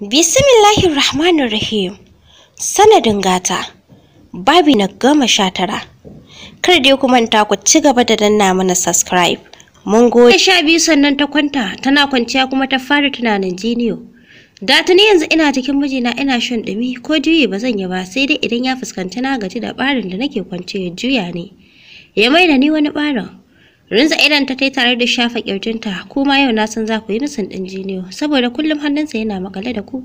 Bismillahir Rahmanir Rahim. Sanadin gata. Babi na goma sha tara. Kar dai ku manta ku ci gaba da danna mana subscribe. Mun gode. Sha biyu sannan ta kwanta tana kwanciya kuma ta fara tunanin jiniyo. Da tuni yanzu ina cikin mijina ina shan dumi ko juyi ba zan yi ba sai dai idan ya fuskanci na gaji da barin da nake kwance ya juya ne. Ya maida ni wani barin. Rinza idan ta tai tare da shafa kirjinta, kuma yau na san za ku yi musun ɗin jiniyo, saboda kullum hannunsa yana makale da ku.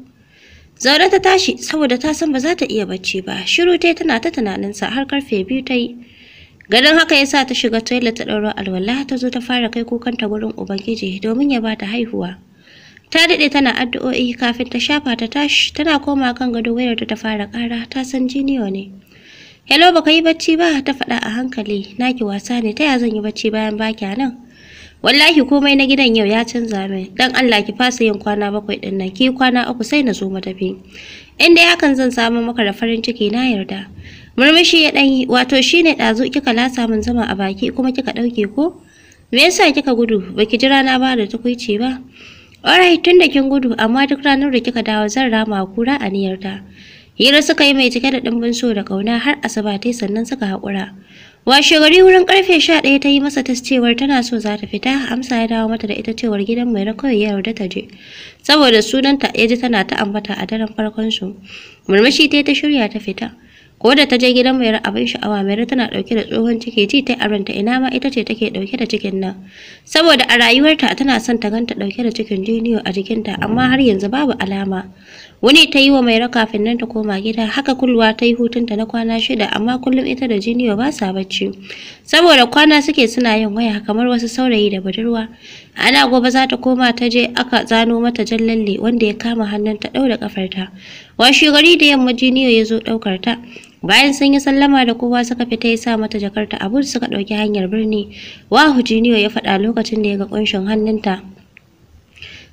Zaune ta tashi saboda ta san ba za ta iya bacci ba, shiru tai tana ta tunaninsa har karfe biyu ta yi. Ganin haka ya sa ta shiga toilet ta ɗauro alwala ta zo ta fara kai kukanta gurin Ubangiji domin ya ba ta haihuwa. Ta daɗe tana addu'o'i kafin ta shafa ta tashi tana koma kan gado wayar ta fara ƙara ta san jiniyo ne. hello ka yi bacci ba ta faɗa a hankali naki wasa ne ta ya zan yi bacci bayan baki nan wallahi komai na gidan yau ya canza min dan Allah ki fasa yin kwana bakwai din nan ki kwana uku sai na zo matafi dai hakan zan samu maka da farin ciki na yarda murmushi ya ɗanyi wato shine ɗazu kika lasa min zama a baki kuma kika ɗauke ko me yasa kika gudu baki jira na ba da tukuici ba Alright, tun da kin gudu, amma duk ranar da kika dawo zan rama kura a niyarta. Hira suka yi mai cike da ɗimbin so da kauna har Asaba tai sannan suka haƙura. Washe gari wurin karfe sha ɗaya ta yi masa tascewar cewar tana so za ta fita, amsa ya dawo mata da ita cewar gidan mai rakoyi ya yarda ta je. Saboda sunanta ya ji tana ta ambata a daren farkon su. Murmushi tai ta shirya ta fita. ko da ta je gidan mai abin sha'awa ra tana dauke da tsohon ciki ji ta aranta ina ma ita ce take dauke da cikin nan saboda a rayuwarta tana son ta ganta dauke da cikin jiniyo a jikinta amma har yanzu babu alama wani ta yi wa mai kafin nan ta koma gida haka kulwa ta yi hutunta na kwana shida amma kullum ita da jiniyo ba sa bacci saboda kwana suke suna yin waya kamar wasu saurayi da budurwa ana gobe za ta koma ta je aka zano mata jan lalle wanda ya kama hannun ta ɗau da kafarta Wa gari da yamma jiniyo ya zo ɗaukar ta bayan sun yi sallama da kowa suka fita ya sa mata jakarta abu suka ɗauki hanyar birni wahu jiniyo ya faɗa lokacin da ya ga ƙunshin hannunta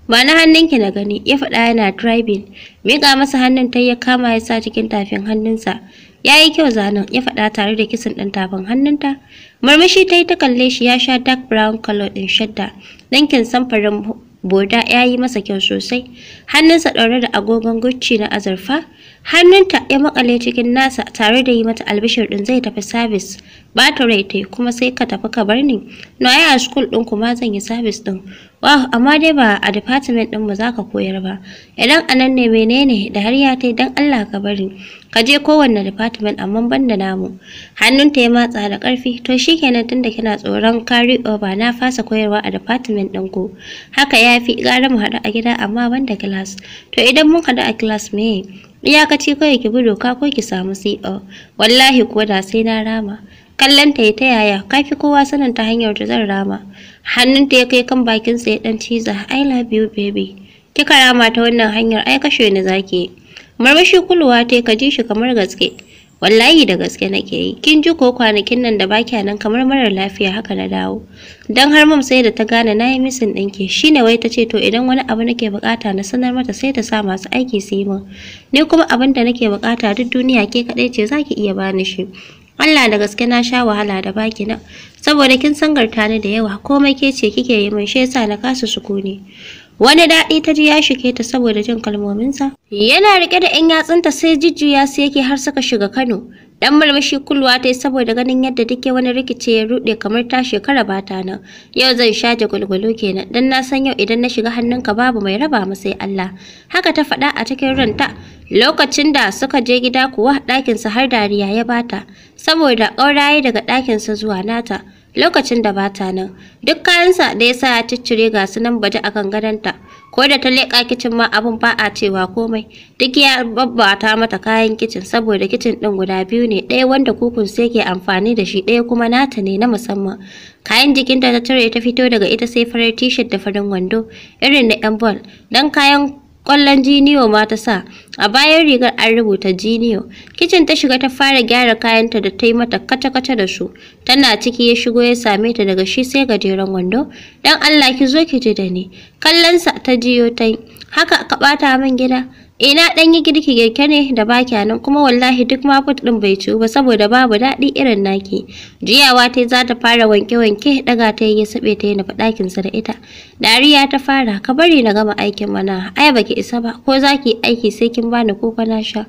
ba na hannunki na gani ya faɗa yana driving miƙa masa hannun ta ya kama ya sa cikin tafin hannunsa ya yi kyau zanen ya faɗa tare da kisan ɗan tafin hannunta murmushi ta yi ta kalle shi ya sha dark brown color ɗin shadda ɗankin samfarin boda ya yi masa kyau sosai hannunsa ɗaure da agogon gucci na azurfa hannunta ya makale cikin nasa tare da yi mata albishir din zai tafi sabis ba ta tai kuma sai ka tafi ka bar ni na yi a school din kuma zan yi sabis din wow amma dai ba a department din mu ka koyar ba idan anan ne menene da har ya tai dan Allah ka bari ka je kowanne department amma ban da namu hannunta ya matsa da karfi to shikenan tunda kina tsoron carry over na fasa koyarwa a department din ku haka yafi gara mu hada a gida amma ban da class to idan mun hada a class me iyakaci kawai ki bi doka ko ki samu CO wallahi kuwa da sai na rama kallon ta ta yaya kafi kowa sanin ta hanyar da zan rama Hannun ta ya kai kan bakin sa ya dan ciza I love you baby kika rama ta wannan hanyar ai kashe ni zaki murmushi kulwa ta ka ji shi kamar gaske wallahi da gaske nake yi kin ji ko kwanakin nan da baki nan kamar marar lafiya haka na dawo dan har mam sai da ta gane na yi misin ɗinki shine wai ta ce to idan wani abu nake bukata na sanar mata sai ta sa masu aiki su yi min ni kuma abin da nake bukata duk duniya ke kaɗai ce zaki iya bani shi Allah da gaske na sha wahala da baki nan saboda kin sangarta ni da yawa komai ke ce kike yi min shi yasa na kasa sukuni Wani daɗi ta ji ya shige ta saboda jin kalmominsa. Yana rike da 'yan yatsunta sai jujjuya su yake har suka shiga Kano. Dan murmushi kulwa ta yi saboda ganin yadda take wani rikice ya ruɗe kamar ta shekara bata ta nan. Yau zan sha jagwalgwalo kenan dan na san yau idan na shiga hannunka babu mai raba mu sai Allah. Haka ta faɗa a cikin ranta. Lokacin da suka je gida kuwa ɗakinsa har dariya ya bata. saboda ƙauraye daga ɗakinsa zuwa nata lokacin da bata nan duk kayansa da ya sa ya ciccire ga su nan baje akan gadonta ko da ta leƙa kicin ma abin ba a cewa komai duk ya babbata mata kayan kicin saboda kicin ɗin guda biyu ne ɗaya wanda kukun sai ke amfani da shi ɗaya kuma nata ne na musamman kayan jikinta ta cire ta fito daga ita sai farar t-shirt da farin wando irin na 'yan ball don kayan Kwallon jiniyo ma ta sa, a bayan rigar an rubuta jiniyo. Kicin ta shiga ta fara gyara kayanta da ta yi mata kaca-kaca da su. Tana ciki ya shigo ya same ta daga shi sai gajeren wando. Dan Allah ki zo ki ji da ni. Kallonsa ta jiyo ta yi. Haka ka ɓata min gida. Ina eh, ɗan yi girki girke ne da bakya nan kuma wallahi duk ma fut ɗin bai ciwu ba saboda babu daɗi irin naki. Jiyawa ta za ta fara wanke-wanke ɗaga ta yi sabe ta yi na sa da ita. Dariya ta fara ka bari na gama aikin mana ai baki isa ba ko za ki aiki sai kin bani ko kana sha.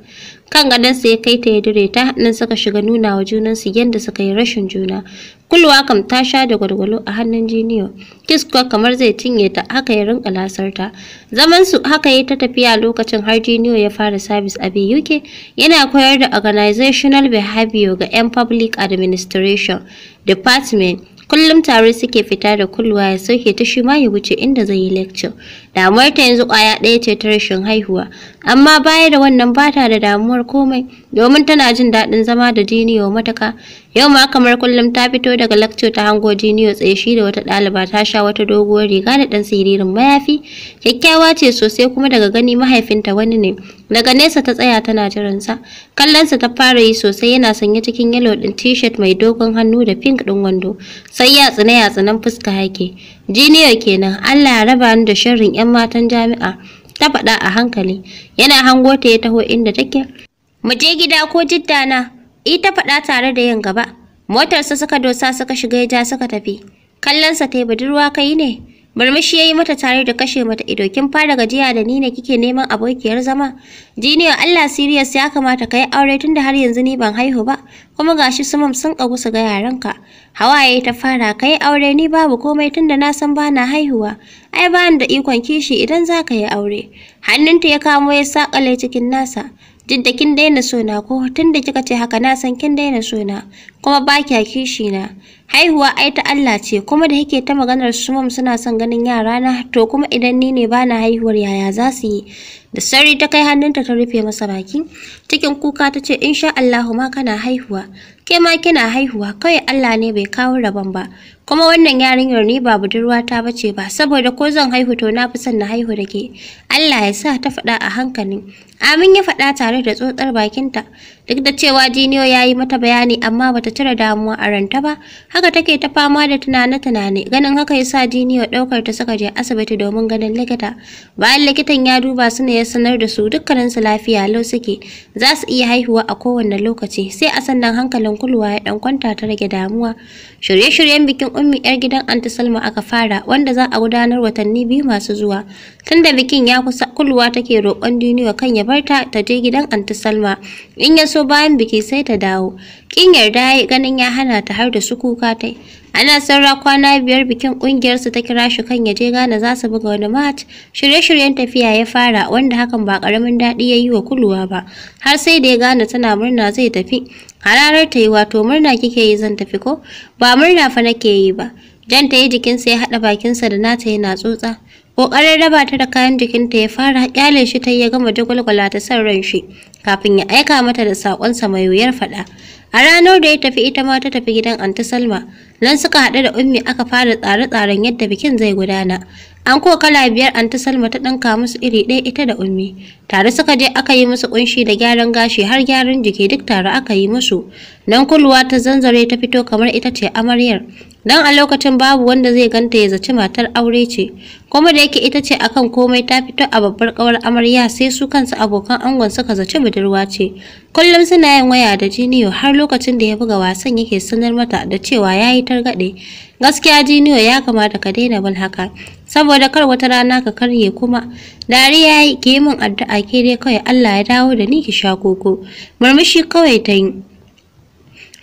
Kan gadonsa ya kai ta ya dure ta nan suka shiga nuna wa junansu yadda suka yi rashin juna. kulwa kam ta sha da gwalgwalo a hannun jiniyo kiskwa kamar zai cinye ta haka ya rinka lasarta zaman su haka ya ta tafiya lokacin har jiniyo ya fara sabis a BUK yana koyar da organizational behavior ga 'yan public administration department Kullum tare suke fita da kulwa ya sauke ta shi ma ya wuce inda zai yi lecture. Damuwar ta yanzu kwaya ɗaya ce ta rashin haihuwa, amma baya da wannan bata da damuwar komai domin tana jin daɗin zama da Jiniyo mataka. Yau ma kamar kullum ta fito daga lecture ta hango Jiniyo tsaye shi da wata ɗaliba ta sha wata doguwar riga da ɗan siririn mayafi. Kyakkyawa ce sosai kuma daga gani mahaifinta wani ne. Daga nesa ta tsaya tana jiransa. Kallonsa ta fara yi sosai yana sanye cikin yalo, ɗin t-shirt mai dogon hannu da pink ɗin wando. Sai ya tsina ya tsinan fuska yake. Jiniya kenan, Allah ya raba ni da shirin 'yan matan jami'a. Ta faɗa a hankali. Yana hango ta ya taho inda take. Mu je gida ko jidda na. i ta faɗa tare da yin gaba. Motarsa suka dosa suka shiga ya ja suka tafi. Kallonsa ta yi budurwa kai ne. Murmushi ya yi mata tare da kashe mata ido kin fara gajiya da ni ne kike neman abokiyar zama. Jiniyo Allah serious ya kamata kai aure tunda har yanzu ni ban haihu ba kuma gashi su mam sun kagu su ga yaranka. Hawaye ta fara kai aure ni babu komai tunda na san bana haihuwa. Ai ba da ikon kishi idan za ka yi aure. Hannunta ya kamo ya sakale cikin nasa. Jidda kin daina sona ko tunda kika ce haka na san kin daina sona. kuma ba kya kishi na haihuwa ai ta Allah ce kuma da yake ta maganar su mum suna son ganin yara na to kuma idan ni ne bana haihuwar yaya za su yi da sarri ta kai hannunta ta rufe masa baki cikin kuka ta ce insha Allah, ma kana haihuwa ke ma kina haihuwa kawai Allah ne bai kawo rabon ba kuma wannan yarinyar ni ba budurwa ta bace ba saboda ko zan haihu to na fi son na haihu da ke Allah ya sa ta faɗa a hankali amin ya faɗa tare da tsotsar bakinta duk da cewa jiniyo ya yi mata bayani amma bata ta cire damuwa a ranta ba haka take ta fama da tunane-tunane ganin haka ya sa jiniyo ɗaukar ta suka je asibiti domin ganin likita bayan likitan ya duba su ne ya sanar da su dukkaninsu lafiya lau suke za su iya haihuwa a kowane lokaci sai a sannan hankalin kulwa ya ɗan kwanta ta rage damuwa shirye-shiryen bikin ummi yar gidan anti salma aka fara wanda za a gudanar watanni biyu masu zuwa tunda bikin ya kusa kulwa take roƙon duniya kan ya barta ta je gidan anti salma in ya so bayan biki sai ta dawo kin yarda yi ganin ya hana ta har da su kuka ta Ana saura kwana biyar bikin ƙungiyarsa ta kira shi kan ya je Ghana za su buga wani mat. Shirye-shiryen tafiya ya fara wanda hakan ba karamin daɗi ya yi wa kuluwa ba. Har sai da ya gane tana murna zai tafi. Hararar ta yi wato murna kike yi zan tafi ko? Ba murna fa nake yi ba. Jan ta yi jikinsa ya haɗa bakinsa da nata yana tsotsa. Ƙoƙarin raba ta da kayan jikinta ya fara kyale shi ta ya gama jagwalgwala ta son ran shi kafin ya aika mata da saƙonsa mai wuyar faɗa. A ranar da ya tafi ita ma ta tafi gidan Anta Salma, nan suka haɗu da Ummi aka fara tsare-tsaren yadda bikin zai gudana. An ko kala biyar Anta Salma ta ɗinka musu iri ɗaya ita da Ummi. Tare suka je aka yi musu kunshi da gyaran gashi har gyaran jiki duk tare aka yi musu. Nan kulwa ta zanzare ta fito kamar ita ce amaryar. Dan a lokacin babu wanda zai ganta ya zaci matar aure ce. Kuma da yake ita ce akan komai ta fito a babbar kawar amarya sai su kansu abokan angon suka zaci budurwa ce. Kullum suna yin waya da Jiniyo har lokacin da ya buga wasan yake sanar mata da cewa ya yi targade. Gaskiya Jiniyo ya kamata ka daina bin haka saboda kar wata rana ka karye kuma. Dariya yi ke min addu'a ake dai kawai Allah ya dawo da ni ki sha koko murmushi kawai ta yi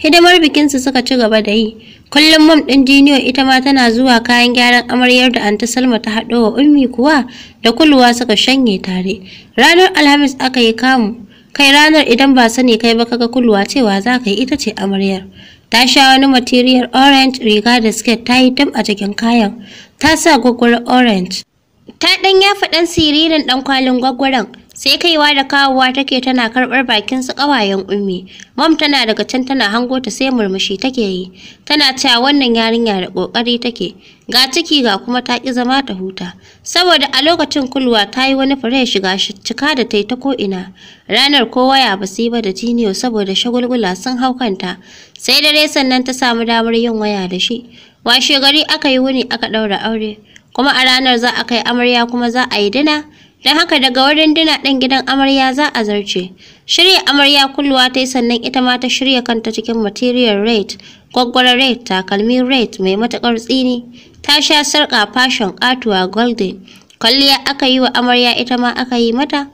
hidimar bikinsu suka ci gaba da yi kullum mam ɗin jiniyo ita ma tana zuwa kayan gyaran amaryar da anta salma ta haɗo wa ummi kuwa da kulwa suka shanye tare ranar alhamis aka yi kamu kai ranar idan ba sani kai ba kaga kulwa cewa za ka yi ita ce amaryar ta sha wani material orange riga da skirt ta yi dam a cikin kayan ta sa gwaggwar orange ta ɗan yafa ɗan siririn ɗan kwalin gwaggwaran sai kaiwa da kawowa take tana karɓar bakin su ƙawayen ummi mom tana daga can tana hango ta sai murmushi take yi tana cewa wannan yarinya da ƙoƙari take ga ciki ga kuma ta ki zama ta huta saboda a lokacin kulwa ta yi wani fure shiga cika da ta yi ta ko'ina ranar ko waya ba ba da tiniyo saboda shagulgula sun haukanta, sai dare sannan ta samu damar yin waya da shi washe gari aka yi wuni aka ɗaura aure kuma a ranar za a kai amarya kuma za a yi dina Don haka daga wurin dina ɗan gidan amarya za a zarce. Shirya amarya kulluwa ta yi sannan ita ma ta shirya kanta cikin material rate, gwaggwara rate, takalmi rate mai matuƙar tsini. Ta sha sarƙa fashon ƙatuwa golden. Kwalliya aka yi wa amarya ita ma aka yi mata.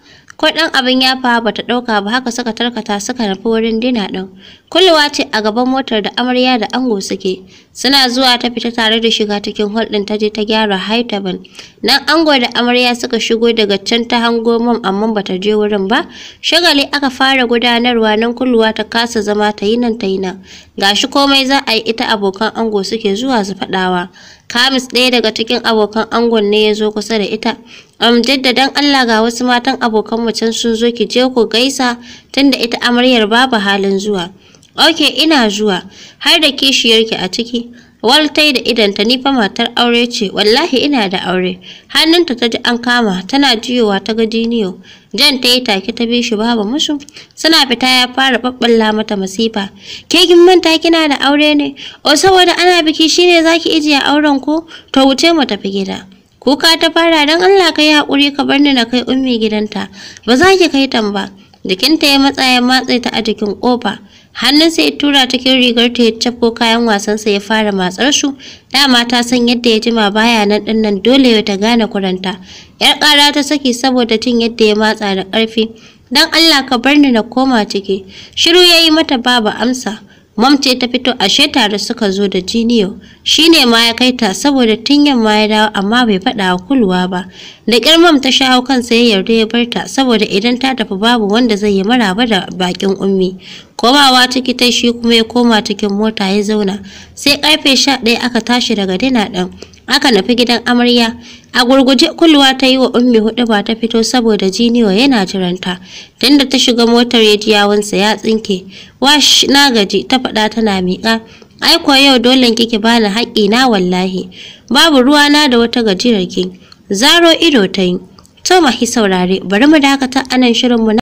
Akwai ɗan abin ya fa ba ta ɗauka ba haka suka tarkata suka nufi wurin dina ɗin. Kulluwa ce a gaban motar da amarya da ango suke. Suna zuwa ta fita tare da shiga cikin hol ɗin ta je ta gyara high table. Nan ango da amarya suka shigo daga can ta hango mom amma ba ta je wurin ba. Shagali aka fara gudanarwa nan kulluwa ta kasa zama ta yi nan ta yi nan. Gashi komai za a yi ita abokan ango suke zuwa su faɗawa. Kamis ɗaya daga cikin abokan angon ne ya zo kusa da ita. amjaddadan Allah ga wasu matan abokan mu can sun zo ki je ku gaisa tunda ita amaryar babu halin zuwa. Ok ina zuwa har da kishiyarki a ciki. waltai da idan ta nifa matar aure ce wallahi ina da aure hannunta ta ji an kama tana jiyowa ta ga diniyo jan ta yi take ta bi shi babu musu suna fita ya fara babballa mata masifa ke kin manta kina da aure ne o saboda ana biki shine zaki ajiye auren ko to wuce mu tafi gida kuka ta fara don Allah ka yi haƙuri ka barni na kai ummi gidanta ba za ki kai tan ba jikinta ya matsa ya matse ta a jikin ƙofa hannunsa ya tura cikin rigar ta ya cafko kayan wasansa ya fara matsar su dama ta san yadda ya jima baya nan din nan dole ta gane kuranta yar ƙara ta saki saboda jin yadda ya matsa da karfi dan Allah ka bar ni na koma ciki shiru yayi mata babu amsa Mamce ta fito ashe tare suka zo da Jiniyo. shi ne ma ya kai ta saboda tun yamma ya dawo amma bai faɗa wa kulwa ba da ƙyar ta shawo kansa ya yarda ya bar ta saboda idan ta tafi babu wanda zai yi maraba da bakin ummi komawa ciki ta shi kuma ya koma cikin mota ya zauna sai karfe sha ɗaya aka tashi daga dina ɗan aka nafi gidan amarya a gurguje kulwa ta yi wa ummi hudu ba ta fito saboda jiniwa yana jiranta tunda ta shiga motar ya ji yawansa ya tsinke wash na gaji ta faɗa tana miƙa ai kuwa yau dole kike bani haƙƙi na wallahi babu ruwa na da wata gajiyar ki zaro ido ta yi to mahi saurare bari mu dakata anan shirinmu na